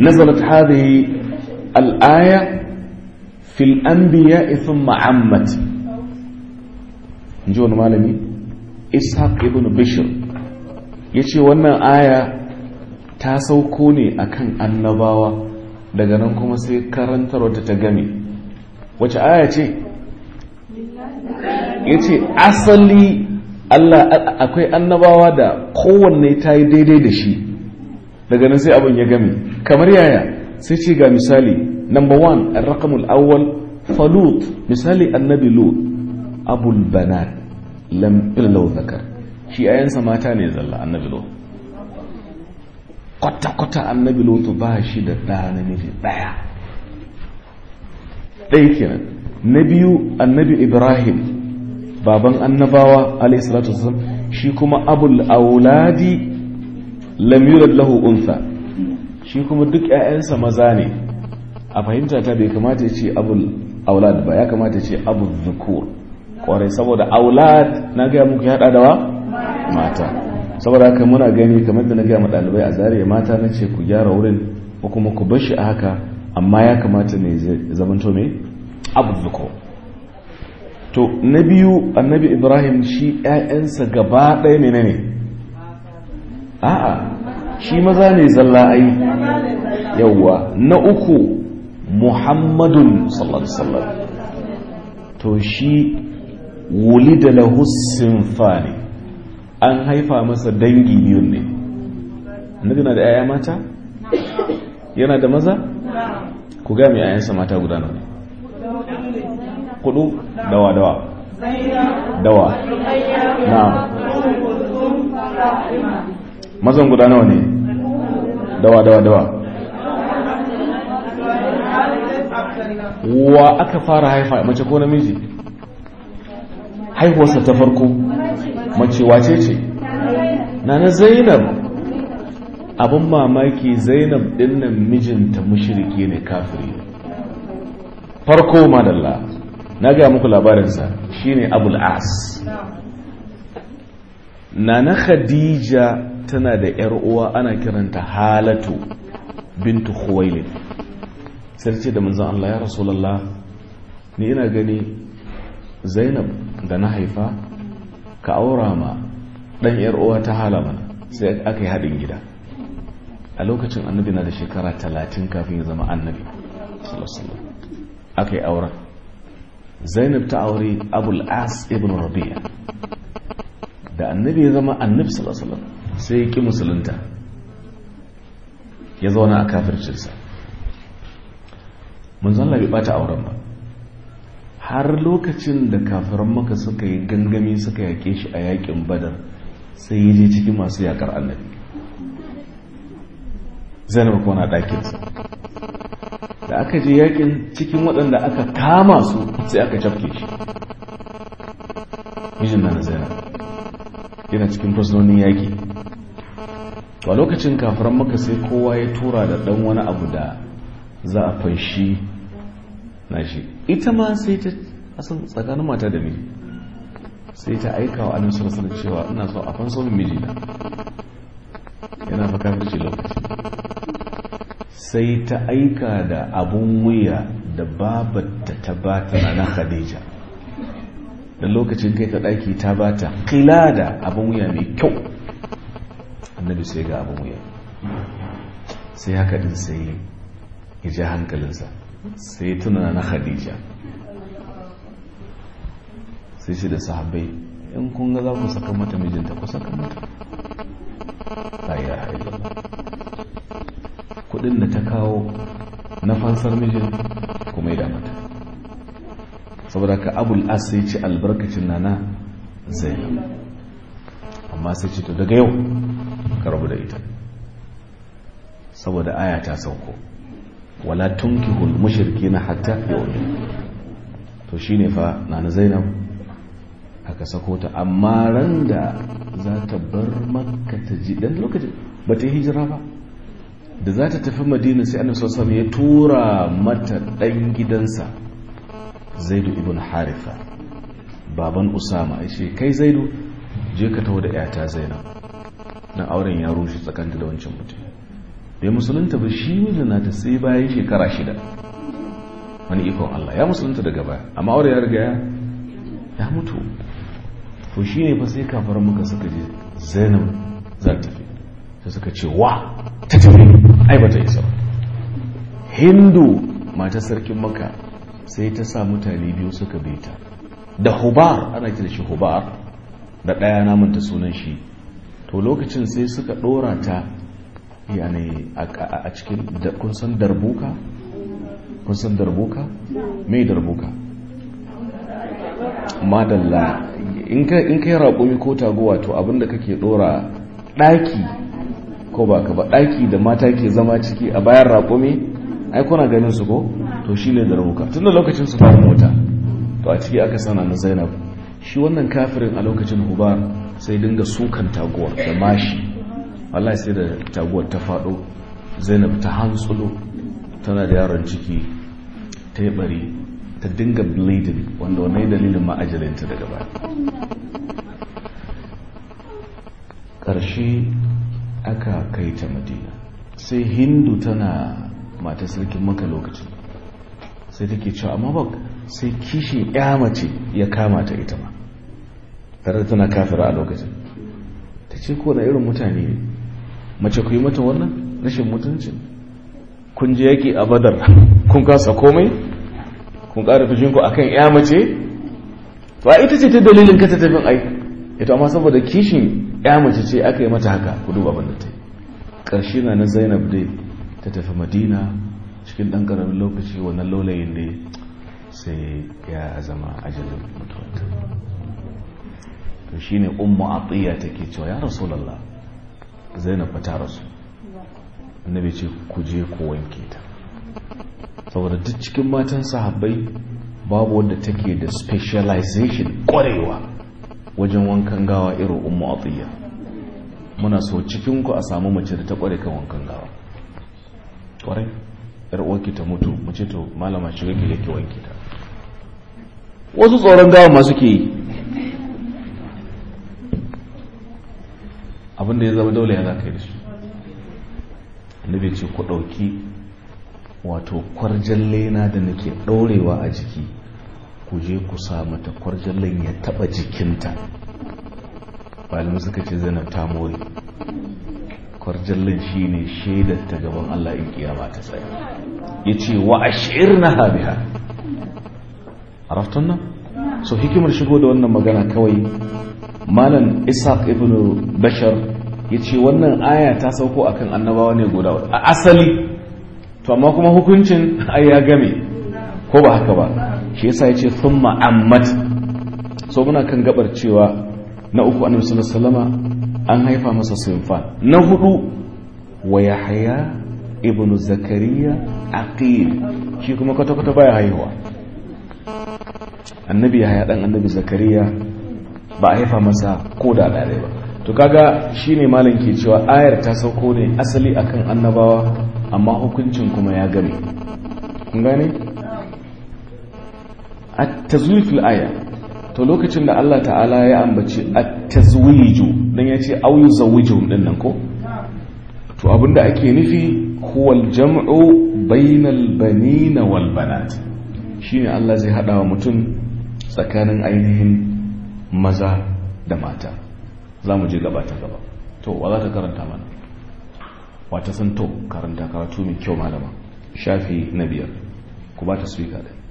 نزلت هذه ibnu في الانبياء ثم wannan aya ta sauko ne akan annabawa daga nan kuma sai karantarwata ta gami wace aya ce yace asali Allah akwai annabawa da kowanne ta yi daidai da shi daga nan sai abin ya game kamar yaya sai ce ga misali number one rakamul awwal falut misali annabi lut abul banat lam illau zakar shi ayansa mata ne zalla annabi lut kwata-kwata annabi lut ba shi da ɗa namiji ɗaya ɗaya kenan na biyu annabi ibrahim baban annabawa alayhi salatu wasallam shi kuma abul auladi lam yulad lahu untha shi kuma duk ƴaƴansa maza ne a fahimta ta bai kamata ya ce abul aulad ba ya kamata ya ce abul dhukur kwarai saboda aulad na ga muku ya hada da wa mata saboda haka muna gani kamar da na ga ɗalibai a zariya mata na ce ku gyara wurin ko kuma ku bar shi a haka amma ya kamata ne zamanto mai abul zuko to na biyu annabi ibrahim shi 'ya'yansa gaba ɗaya ne ne a'a shi maza ne zalla ai yawwa na uku muhammadun sallallahu to shi wuli da lahussin fani an haifa masa dangi biyun ne na da 'ya'ya mata yana da maza ku ga mai 'ya'yansa mata guda nawa kudu dawa dawa dawa na mazan guda nawa ne dawa dawa dawa wa aka fara haifa mace ko namiji haihuwarsa ta farko mace wace ce na na zainab abin mamaki zainab dinnan mijinta mashirki ne kafiri farko madalla na gaya muku labarinsa shine abul as nana khadija tana da yar uwa ana kiranta halatu bintu khuwailid sai ce da manzon Allah ya rasulullah ni ina gani zainab da na haifa ka aura ma dan yar uwa ta halama sai aka yi haɗin gida a lokacin annabi na da shekara talatin kafin ya zama annabi aka yi auren zainab ta aure abul as ibn rabi'a da annabi ya zama annabi sallallahu sai ya ki musulunta ya zauna a kafircinsa mun zalla bai bata auren ba har lokacin da kafiran maka suka yi gangami suka yake shi a yakin badar sai ya je cikin masu yakar annabi zainab kuma na ɗakinsa da aka je yakin cikin waɗanda aka kama su sai aka cafke shi mijin na zainab yana cikin fasunonin yaƙi a lokacin kafiran maka sai kowa ya tura da ɗan wani abu da za a fanshi na shi ita ma sai ta asan tsakanin mata da miji sai ta aika wa annan sallallahu cewa ina so a fanso min mijina yana fa kafirci lokaci sai ta aika da abun wuya da babata ta bata na khadija da lokacin kai ta ɗaki ta bata kila da abun wuya mai kyau annabi sai ga abun wuya sai haka din sai ya ji hankalinsa sai tuna na khadija sai shi da sahabbai in kun ga za ku saka mata mijinta ku saka mata kuɗin da ta kawo na fansar mijin kuma ya damata saboda ka abul as sai ce albarkacin nana zai amma sai ce to daga yau ka rabu da ita saboda aya ta sauko wala tun tunkihul na hatta yu'minu to shine fa nana zainab aka sako ta amma ran da za ta bar makka ta ji dan lokacin ba ta hijira ba da za ta tafi madina sai annabi sallallahu alaihi ya tura mata dan gidansa zaidu ibn harifa baban usama ya ce kai zaidu je ka tawo da yata zainab dan auren ya rushe tsakanin da wancan mutum bai musulunta ba shi na ta sai bayan shekara shida wani ikon Allah ya musulunta daga baya amma aure ya riga ya mutu to shi ne fa sai kafar muka suka je zainab za ta da suka ce wa ta jibrilu ai ba ta isa ba hindu mata sarkin maka sai ta sa mutane biyu suka bi da hubar ana kira shi hubar da ɗaya namunta sunan shi to lokacin sai suka ɗora ta yanayi a cikin kun darbuka kun darbuka mai darbuka madalla in ka yi raƙumi ko taguwa to abinda kake ɗora ɗaki ko ba ka ba ɗaki da mata ke zama ciki a bayan raƙumi ai kuna ganin su ko to shi ne da ramuka tun da lokacin su fara mota to a ciki aka sana na zainab shi wannan kafirin a lokacin huba sai dinga sukan taguwar da mashi wallahi sai da taguwar ta faɗo zainab ta hantsulo tana da yaron ciki ta yi bari ta dinga bleeding wanda wani dalilin ma'ajalinta daga baya ƙarshe aka kai ta madina sai hindu tana mata sarkin maka lokacin sai take cewa amma ba sai kishin ya mace ya kama ta ita ma tare da tana kafira a lokacin ta ce ko na irin mutane ne mace ku yi mata wannan rashin mutunci kun je yaki a badar kun kasa komai kun ƙara fushin ku akan ya mace to ita ce ta dalilin ka ta tafin ai ita amma saboda kishin ya mace ce aka yi mata haka ku duba abin da ta yi ƙarshe na na zainab dai ta tafi madina cikin ɗan ƙaramin lokaci wannan lolayin dai sai ya zama ajalin mutuwanta to shi ne ummu ta ke cewa ya rasu lalla zainab ba ta rasu annabi ce ku je ku wanke ta saboda duk cikin matan sahabbai babu wanda take da specialization ƙwarewa wajen wankan gawa irin a atiyya muna so cikinku a samu mace da ta kware kan wankan gawa kwarai yar uwarki ta mutu mu ce to malama shiga ki yake wanki ta wasu tsoron gawa masu ke yi abinda ya zama dole ya zaka yi da shi bai ce ku ɗauki wato kwarjan lena da nake ɗaurewa a jiki ku je ku sa mata kwarjallan ya taba jikinta malamai suka ce zana ta more kwarjallan shi ne shaidar ta gaban allah in kiyama ta tsaye ya ce wa ashir na habiha araftun nan so hikimar shigo da wannan magana kawai malam isaac ibn bashar ya ce wannan aya ta sauko akan annabawa ne guda a asali to amma kuma hukuncin ai ya game ko ba haka ba shi yasa ya ce sun ma'ammat so muna kan gabar cewa na uku annabi sallallahu alaihi an haifa masa sinfan na hudu wa yahya ibnu zakariya aqil shi kuma kwata kwata baya haihuwa annabi yahya dan annabi zakariya ba a haifa masa ko da dare ba to kaga shine malam ke cewa ayar ta sauko ne asali akan annabawa amma hukuncin kuma ya game kun gane at aya to lokacin da Allah ta'ala ya ambaci at dan dan yace aw yuzawwiju din nan ko to abinda ake nufi huwa al bainal banina wal banat shine Allah zai hada wa mutum tsakanin ainihin maza da mata za je gaba ta gaba to wa za ta karanta mana wata san to karanta karatu mai kyau malama shafi na biyar ku ba ta speaker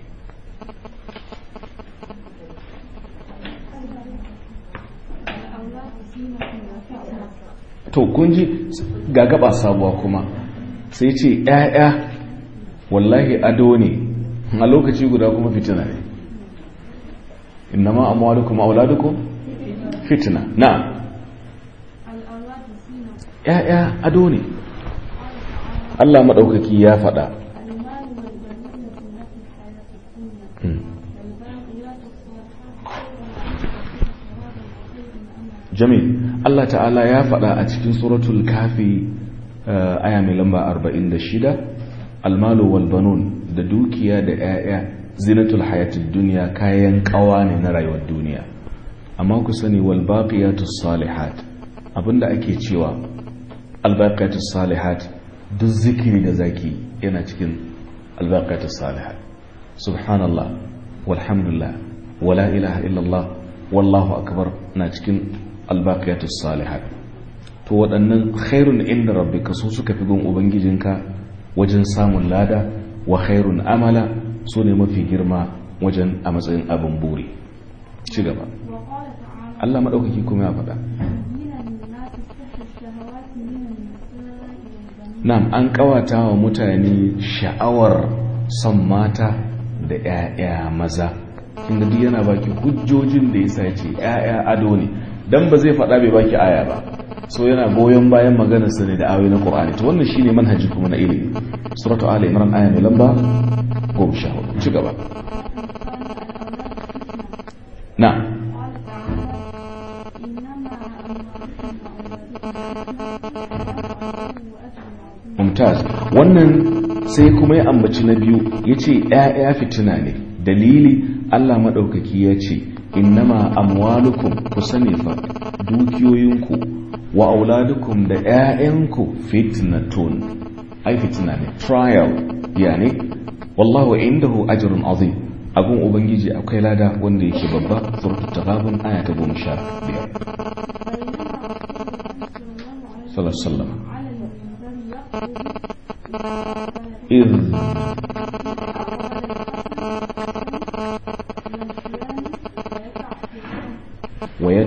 to kunji ga gaba sabuwa kuma sai ce ‘ya'ya wallahi ado ne a lokaci guda kuma fitina ne ma innama amwalukum auladukum fitina na ‘ya'ya ado ne Allah maɗaukaki ya faɗa jami Allah ta'ala ya faɗa a cikin suratul kafi eh, aya mai lamba 46 almalu wal banun da dukiya da 'ya'ya zinatul hayatid duniya kayan kawa ne na rayuwar duniya amma ku sani wal baqiyatus salihat abinda ake cewa al baqiyatus salihat duk zikiri da zaki yana cikin al baqiyatus salihat subhanallah walhamdulillah wala ilaha illallah wallahu akbar na cikin albaqiyatu salihat to waɗannan khairun inda rabbika su suka fi gun ubangijinka wajen samun lada wa khairun amala su ne mafi girma wajen a matsayin abin buri ci gaba Allah maɗaukaki kuma ya faɗa nam an ƙawata wa mutane sha'awar son mata da 'ya'ya maza inda duk yana baki hujjojin da ya sace 'ya'ya ado ne dan ba zai faɗa bai baki aya ba so yana goyon bayan maganar sa ne da ayoyin na Qur'ani to wannan shine manhaji kuma na ilimi suratu ali imran aya mai lamba shahu ci gaba na mumtaz wannan sai kuma ya ambaci na biyu ya ce ‘ya'ya fitina ne dalili Allah maɗaukaki ya ce innama amwalukum ku sani fa dukiyoyinku wa auladukum da 'ya'yanku fitnatun ai fitna ne trial yani wallahu indahu ajrun azim abun ubangiji akwai lada wanda yake babba suratul taghabun aya ta 15 sallallahu alaihi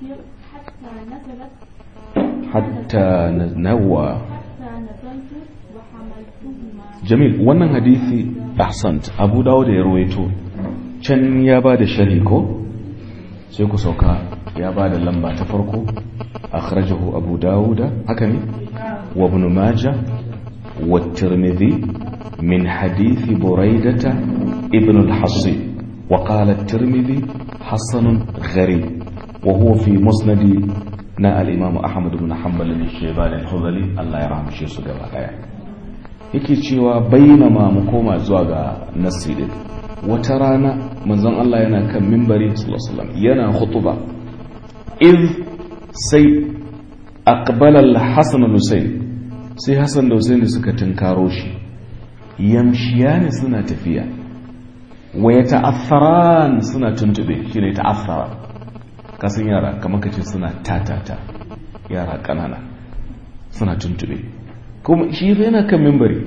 تقصير حتى نزلت حتى نوى jamil wannan hadisi ahsant abu dawo da ya ruwaito can ya ba da shari ko sai ku sauka ya ba da lamba ta farko akhrajahu abu dawuda haka ne wa ibn majah wa tirmidhi min hadithi buraidata ibn al-hasib wa qala at-tirmidhi hasan gharib وهو في مسند نا الامام احمد بن حنبل الشيباني الخضلي الله يرحمه شيخ سجل غايه yake cewa bayyana mu koma zuwa ga nassi din wata rana manzon Allah yana kan mimbari sallallahu yana khutuba iz sai aqbala al-hasan al-husayn sai hasan da husayn suka tunkaro shi yamshiyani suna tafiya wa yata'atharan suna tuntube shine ta'athara kasan yara kamar ka ce suna tatata yara ƙanana suna tuntube kuma shi yana kan mimbari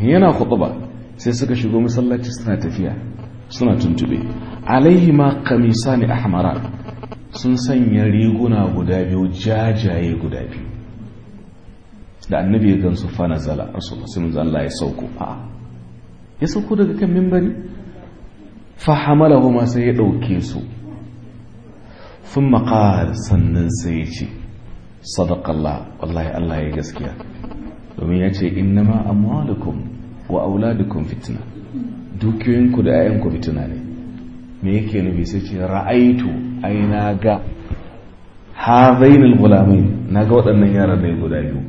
yana ba sai suka shigo masallaci suna tafiya suna tuntube alaihi ma kamisa ne ahmara sun sanya riguna guda biyu jajaye guda biyu da annabi ya gansu fana zala rasulullah sai Allah ya sauko a ya sauko daga kan mimbari fa hamalahuma sai ya dauke su sun maƙar sannan sai ya ce sadakallah wallahi Allah ya gaskiya domin ya ce ma amwalukum wa auladukum fitna dukiyoyinku da 'ya'yanku fitna ne me yake nufi sai ce ra'aitu ai na ga hazainul gulamai na ga waɗannan yaran da guda biyu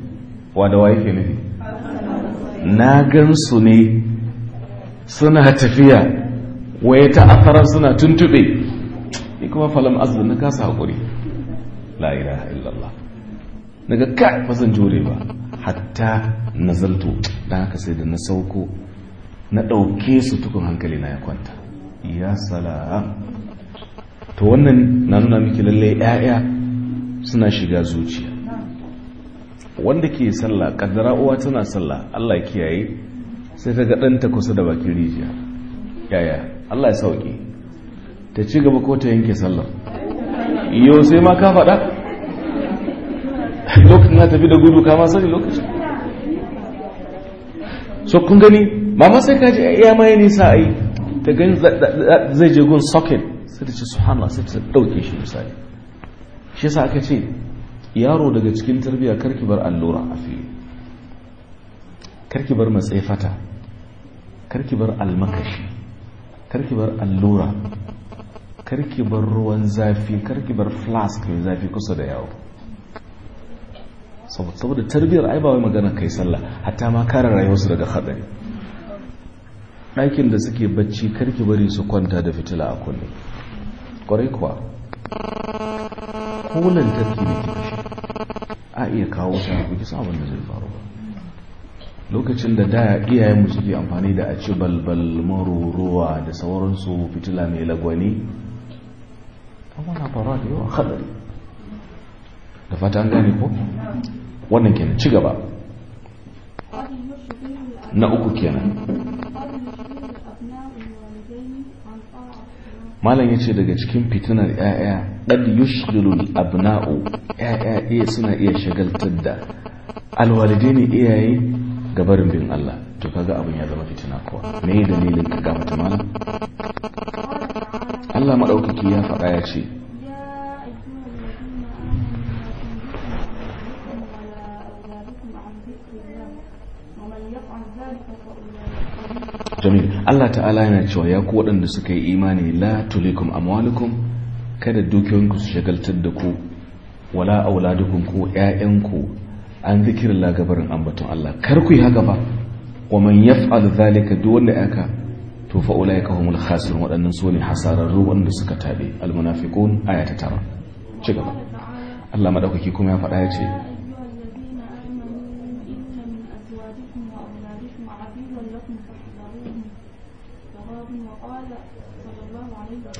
wa da wa yake nufi na gan su ne suna tafiya Waye ta afara suna tuntube kuma falam azan na kasa haƙuri la ilaha illallah Daga ka kai ba jure ba hatta na zalto don haka sai da na sauko na ɗauke su tukun hankali na ya kwanta ya salam to wannan na nuna miki lallai 'ya'ya suna shiga zuciya wanda ke sallah kaddara uwa tana sallah Allah kiyaye sai ta ga ɗanta kusa da bakin rijiya yaya Allah ya sauke ta ci gaba ko ta yanke sallar yau sai ma ka faɗa lokacin na tafi da gudu kama sani lokacin so kun gani ma sai ka eh, ya ma yi nisa a yi ta gani zai je gun socket sai ta ce subhanallah sai ta ɗauke shi misali shi sa aka ce yaro daga cikin tarbiyya karki bar allura a fili karki bar matsayi fata karki bar almakashi karki bar allura karki bar ruwan zafi karki bar flask mai zafi kusa da yawo saboda tarbiyyar ai ba wai magana kai sallah hatta ma kare rayuwarsu daga hadari ɗakin da suke bacci karki bari su kwanta da fitila a kunne ƙwarai kuwa ko lantarki ne ke kashe a iya kawo ta ku ki sabon da zai faru ba lokacin da da iyayen mu suke amfani da a ci balbal maruruwa da sauransu fitila mai lagwani akwai labarai da a haɗari. da fata an gane ko wannan kenan ci gaba na uku kenan malam ya ce daga cikin fitinar 'ya'ya eh, eh. ɗan yushghilul abna'u 'ya'ya eh, iya suna iya shagaltar da ne iyaye ga bin Allah to kaga abin ya zama fitina kuwa me dalilin ka ga ta malam Allah maɗaukaki ya faɗa ya ce jamil Allah ta'ala yana cewa ya ku waɗanda suka yi imani la tulikum amwalukum kada dukiyoyinku su shagaltar da ku wala auladukum ko ƴaƴanku an zikirin lagabarin ambaton Allah kar ku yi haka ba wa man yaf'al zalika duk wanda aka to fa ka humul khasirun wadannan su ne hasararru wanda suka tabe al munafiqun aya ta tara ci gaba Allah madaukaki kuma ya faɗa ya ce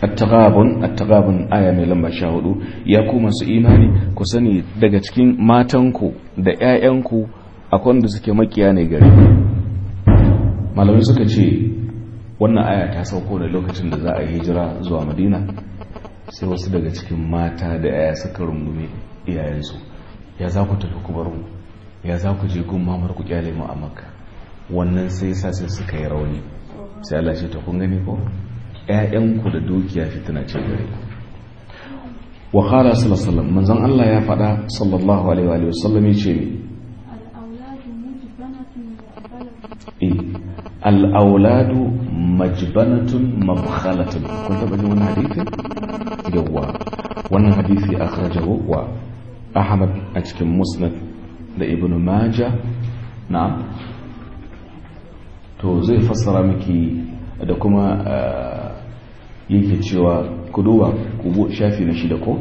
attagabun attagabun aya mai lamba sha hudu ya ku su imani ku sani daga cikin matanku da 'ya'yanku akwai wanda suke makiya ne gare malamai suka ce wannan aya ta sauko da lokacin da za a hijira zuwa madina sai wasu daga cikin mata da yaya suka rungume iyayensu ya za ku tafi kubar mu ya za ku je gun mamar ku kyale mu a makka wannan sai sa sai suka yi rauni sai Allah ce ta kun gani ko ƴaƴanku da dukiya fitina ce gare ku wa qala sallallahu alaihi manzon Allah ya faɗa sallallahu alaihi wa sallam yace al al-awladu majbanatun mabkhalatun kun taba jin wannan hadisi yawwa wannan hadisi akhrajahu wa ahmad a cikin musnad da ibn majah na'am to zai fassara miki da kuma eh, yake cewa ku duba shafi na shida ko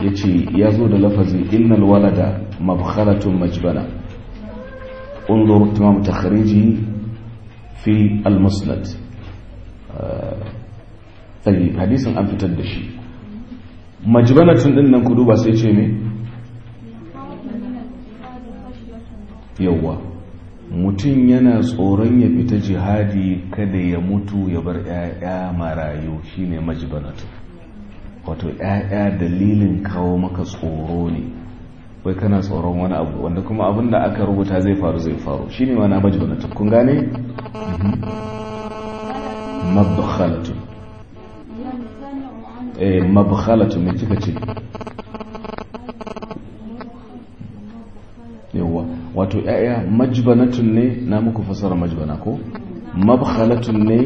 yace ya zo da lafazi innal walada mabkhalatun majbana unzur tamam takhrijihi fi al-musnad hadisin an fitar da shi majibanatun din nan kudu ba sai ce me Yauwa, mutum yana tsoron ya fita jihadi kada ya mutu ya bar 'ya'ya marayu shine majibanatu wato 'ya'ya dalilin kawo maka tsoro ne wai kana tsoron wani abu wanda kuma abin da aka rubuta zai faru zai faru shi shine ma na majalata kun gane mhm. mabkhalatu eh mabkhalatu mai kika ce yawa wato yaya majbanatun ne na muku fasara majbana ko mabkhalatun ne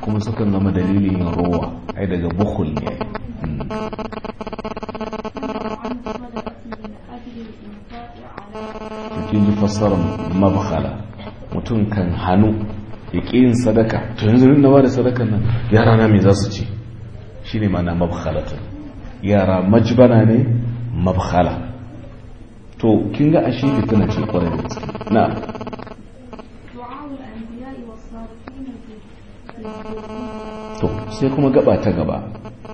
kuma sukan zama dalilin yin rowa ai daga bukhul ne hmm. kin ji fassarar mutum kan hannu ya yin sadaka to yanzu na ba da sadakan nan yara na mai za su ci shine mana mabkhalatun yara majibana ne mabkhala to kin ga ashe tana ce kwarai da ciki na to sai kuma gaba ta gaba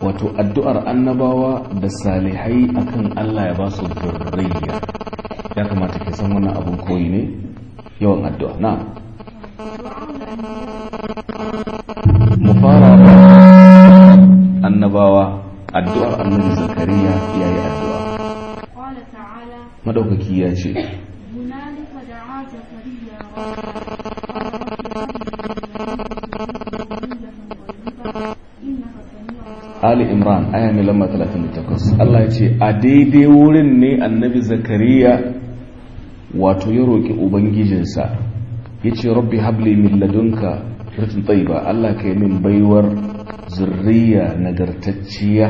wato addu'ar annabawa da salihai akan Allah ya ba su zurriya ya kamata ke san wannan abin koyi ne yawan addu'a na mu fara annabawa addu'ar annabi zakariya ya yi addu'a madaukaki ya ce Thank you. ali imran aya mai lamba 38 Allah ya ce a daidai wurin ne annabi zakariya wato ya roƙi ubangijinsa ya ce rabbi habli min ladunka rikin ba Allah ka yi min baiwar zurriya nagartacciya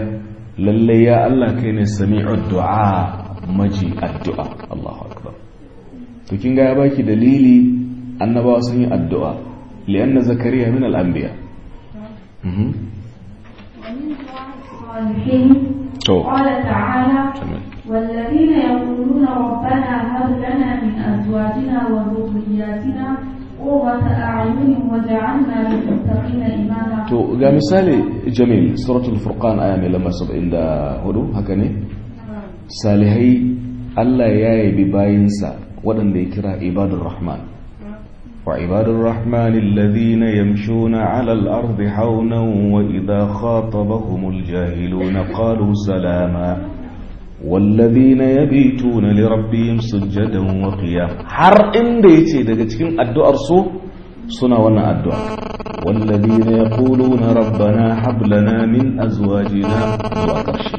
lalle ya Allah yi ne sami addu'a maji addu'a Allahu akbar to kin ga ya baki dalili annabawa sun yi addu'a li'anna zakariya min al-anbiya mhm. ومن قال تعالى والذين يقولون ربنا هب لنا من أزواجنا وذرياتنا قرة ga misali jamil suratul furqan aya mai lamba 74 haka ne salihai Allah ya yabi bayinsa waɗanda ya kira ibadur rahman وعباد الرحمن الذين يمشون على الأرض حونا وإذا خاطبهم الجاهلون قالوا سلاما والذين يبيتون لربهم سجدا وقياما حر إن بيتي daga أدو أرسو su ونا أدو والذين يقولون ربنا حبلنا لنا من ازواجنا وقرش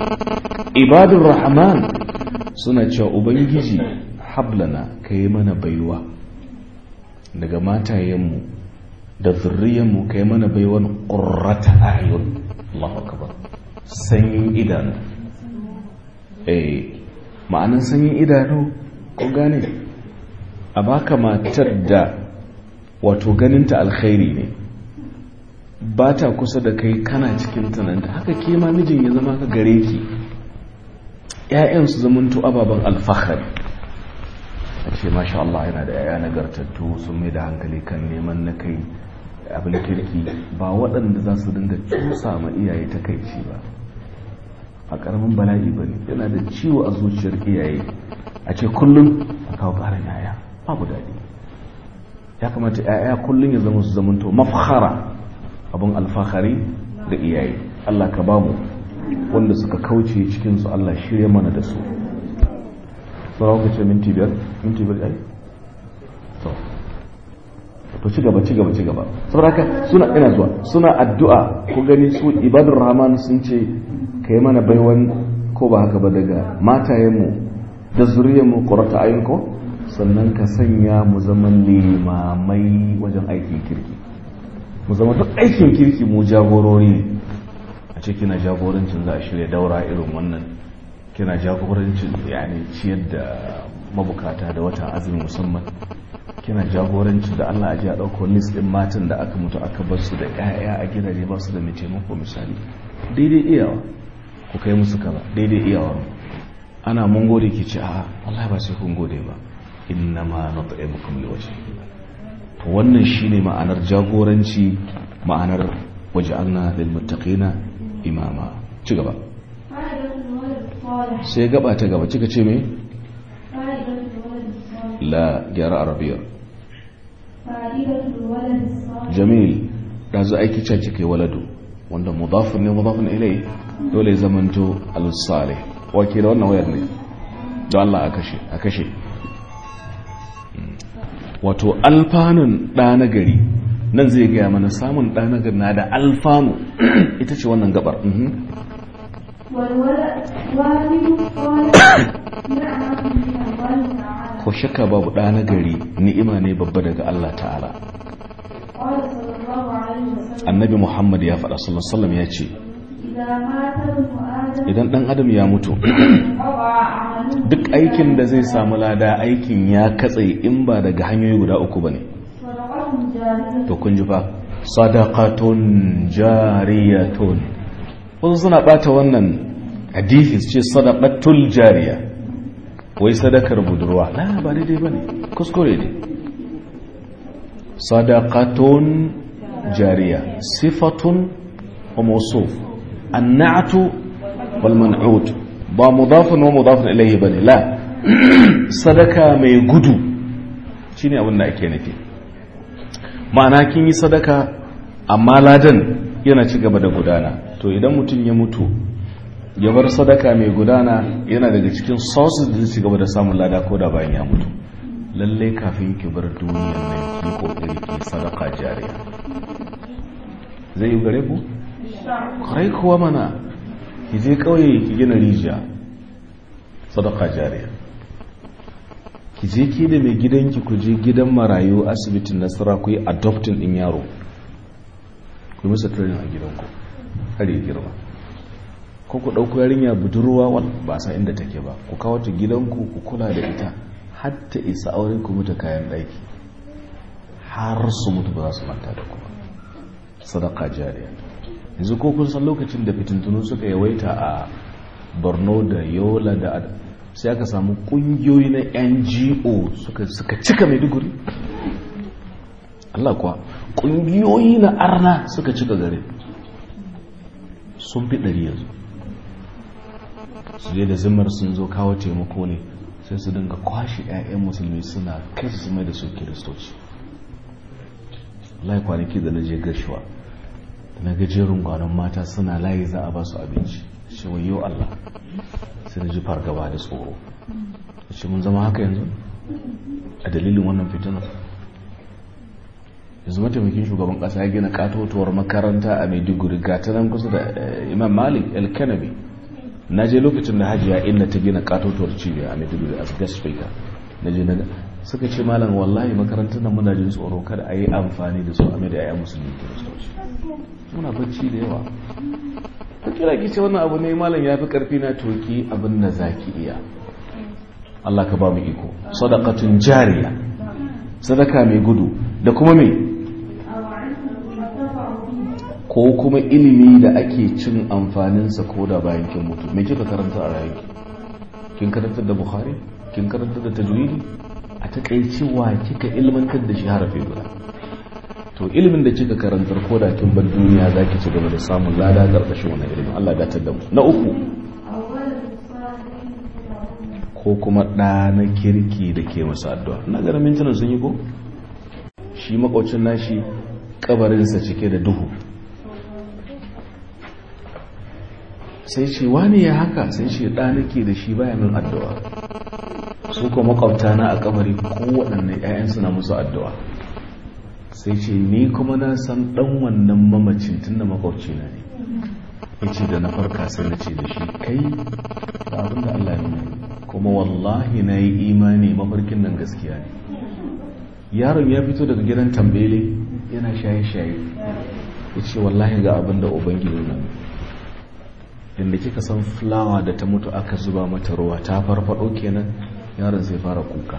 عباد الرحمن suna cewa ubangiji حبلنا kai mana daga matayenmu da mu kai mana baiwan ƙurrata a Allahu akbar sanyin idanu eh ma'anan sanyin idanu ko gane a baka matar da wato ganinta alkhairi ne ba ta kusa da kai kana cikin tunanta haka ke ma mijin ya zama ka gare ki 'ya'yan su zamanto ababen alfahari a ce masha Allah yana da yaya nagartattu sun mai da hankali kan neman na kai abin kirki ba waɗanda za su dinga cusa ma iyaye ta kai ci ba a ƙaramin bala'i ba ne yana da ciwo a zuciyar iyaye a ce kullum a kawo ƙarin yaya guda daɗi ya kamata yaya kullum ya zama su zamanto mafahara abin alfahari da iyaye Allah ka bamu wanda suka kauce cikinsu Allah shirya mana da su sauran ka ce minti biyar minti biyar ai to ci gaba ci gaba ci gaba saboda haka suna ina zuwa suna addu'a ku gani su ibadur rahman sun ce kai mana baiwan ko ba haka ba daga matayenmu da zuriyarmu qurrata ayun ko sannan ka sanya mu zama limamai wajen aikin kirki mu zama duk aikin kirki mu jagorori a cikin jagorancin za a shirya daura irin wannan kina jagorancin yani ciyar da mabukata da wata azumi musamman kina jagorancin da Allah aji a list ɗin matan da aka mutu aka bar su da 'ya'ya a gidaje ba su da mai taimako misali daidai iyawa ku kai musu kaza daidai iyawa ana mun gode ki ci a wallahi ba sai kun gode ba inna ma nat'imukum liwajhi to wannan shine ma'anar jagoranci ma'anar waj'alna lilmuttaqina na imama ci gaba sai gaba ta gaba cika ce mai la gyara arabiya jamil ɗazu aiki ce kai waladu wanda mudafin ne mudafin ilai dole zamanto al-salih wake da wannan wayar ne don Allah a kashe hmm. wato alfanun ɗana gari nan zai gaya mana samun ɗana gari na da alfanu ita ce wannan gabar mhm. ko shakka babu ɗa na gari ni'ima ne babba daga Allah ta'ala annabi muhammad ya faɗa sallallahu ya ce idan ɗan adam ya mutu duk aikin da zai samu lada aikin ya katse in ba daga hanyoyi guda uku ba ne to kun ji fa sadaqatun jariyatun wasu suna bata wannan hadithi su ce sadaqatul jariya wai sadakar budurwa na ba daidai kuskure ne sadaqatun jariya sifatun wa mawsuf annatu wal man'ut ba mudafun wa mudafun ba bane la sadaka mai gudu shine abin da ake nufi ma'ana kin yi sadaka amma ladan yana ci gaba da gudana to idan mutum ya mutu ya bar sadaka mai gudana yana daga cikin sosu da ci gaba da samun lada ko da bayan ya mutu lalle kafin ki bar duniyar nan ki kokari ki sadaka jariya zai yi gare ku kai kuwa mana ki je kauye ki gina rijiya sadaka jariya ki je ki da mai gidanki ku je gidan marayu asibitin nasara ku yi adoptin din yaro ku masa training a gidanku har yi girma ko ku ɗauko yarinya budurwa ba sa inda take ba ku kawo ta gidanku ku kula da ita har ta isa auren ku mutu kayan ɗaki har su mutu ba za su manta da kuma sadaka jariya yanzu ko kun san lokacin da fitintunu suka yawaita a borno da yola da sai aka samu ƙungiyoyi na ngo suka cika maiduguri allah kuwa ƙungiyoyi na arna suka cika gare sun fi ɗari yanzu su je da zimmar sun zo kawo taimako ne sai su dinga kwashe 'ya'yan musulmi suna kai su mai da su kiristoci lai kwanaki da na je gashuwa da na gajerun gwanon mata suna layi za a ba su abinci shi yau allah sai na ji fargaba da tsoro shi mun zama haka yanzu a dalilin wannan fitinar yanzu mataimakin shugaban kasa ya gina katotuwar makaranta a maiduguri ga ta nan kusa da eh, imam malik kanabi na je lokacin da hajiya inda ta gina katotuwar cibiya a maiduguri a gas speaker na je na suka ce malam wallahi makarantar nan muna jin tsoro kada a yi amfani da su a da ya musulmi kiristoci muna bacci da yawa ta kira ki ce wannan abu ne malam ya fi karfi na toki abin da za ki iya Allah ka ba mu iko sadaqatun jariya sadaka mai gudu da kuma mai ko kuma ilimi da ake cin amfaninsa ko da bayan kin mutu me kika karanta a rayuwa kin karanta da bukhari kin karanta da tajwidi a wa kika ilmantar da shi harafi guda to ilimin da kika karantar ko da kin bar duniya zaki ci gaba da samun lada karkashin wannan ilimin Allah ya da mu na uku ko kuma ɗa na kirki da ke masa addu'a na ganin mintuna sun yi ko shi makwacin nashi kabarinsa cike da duhu sai ce wani ya haka sai ce ɗa ke da shi baya min addu'a su ko makwabta na a kabari kowaɗanne 'ya'yan suna musu addu'a sai ce ni kuma na san ɗan wannan mamacin tun da makwabci na ne ya ce da na farka sai na ce da shi kai da abin da Allah ne kuma wallahi na yi imani mafarkin nan gaskiya ne yaron ya fito daga gidan tambele yana shaye-shaye ya ce wallahi ga abin da ubangiji na inda kika san fulawa da ta mutu aka zuba mata ruwa ta farfado kenan yaron sai fara kuka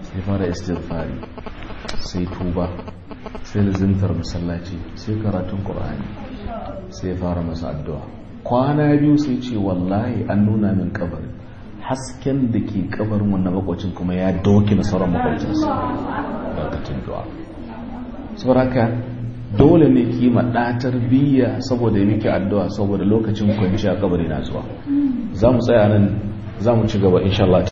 sai fara istighfari sai tuba sai lizintar masallaci sai karatun qur'ani sai fara masa addu'a kwana biyu sai ce wallahi an nuna min kabari hasken da ke kabarin wannan makwacin kuma ya ɗauki na sauran makwacinsa lokacin du'a saboda haka dole ne ki ma ɗa tarbiyya saboda ya miki addu'a saboda lokacin kwanciya kabari na zuwa za mu tsaya nan za mu ci gaba insha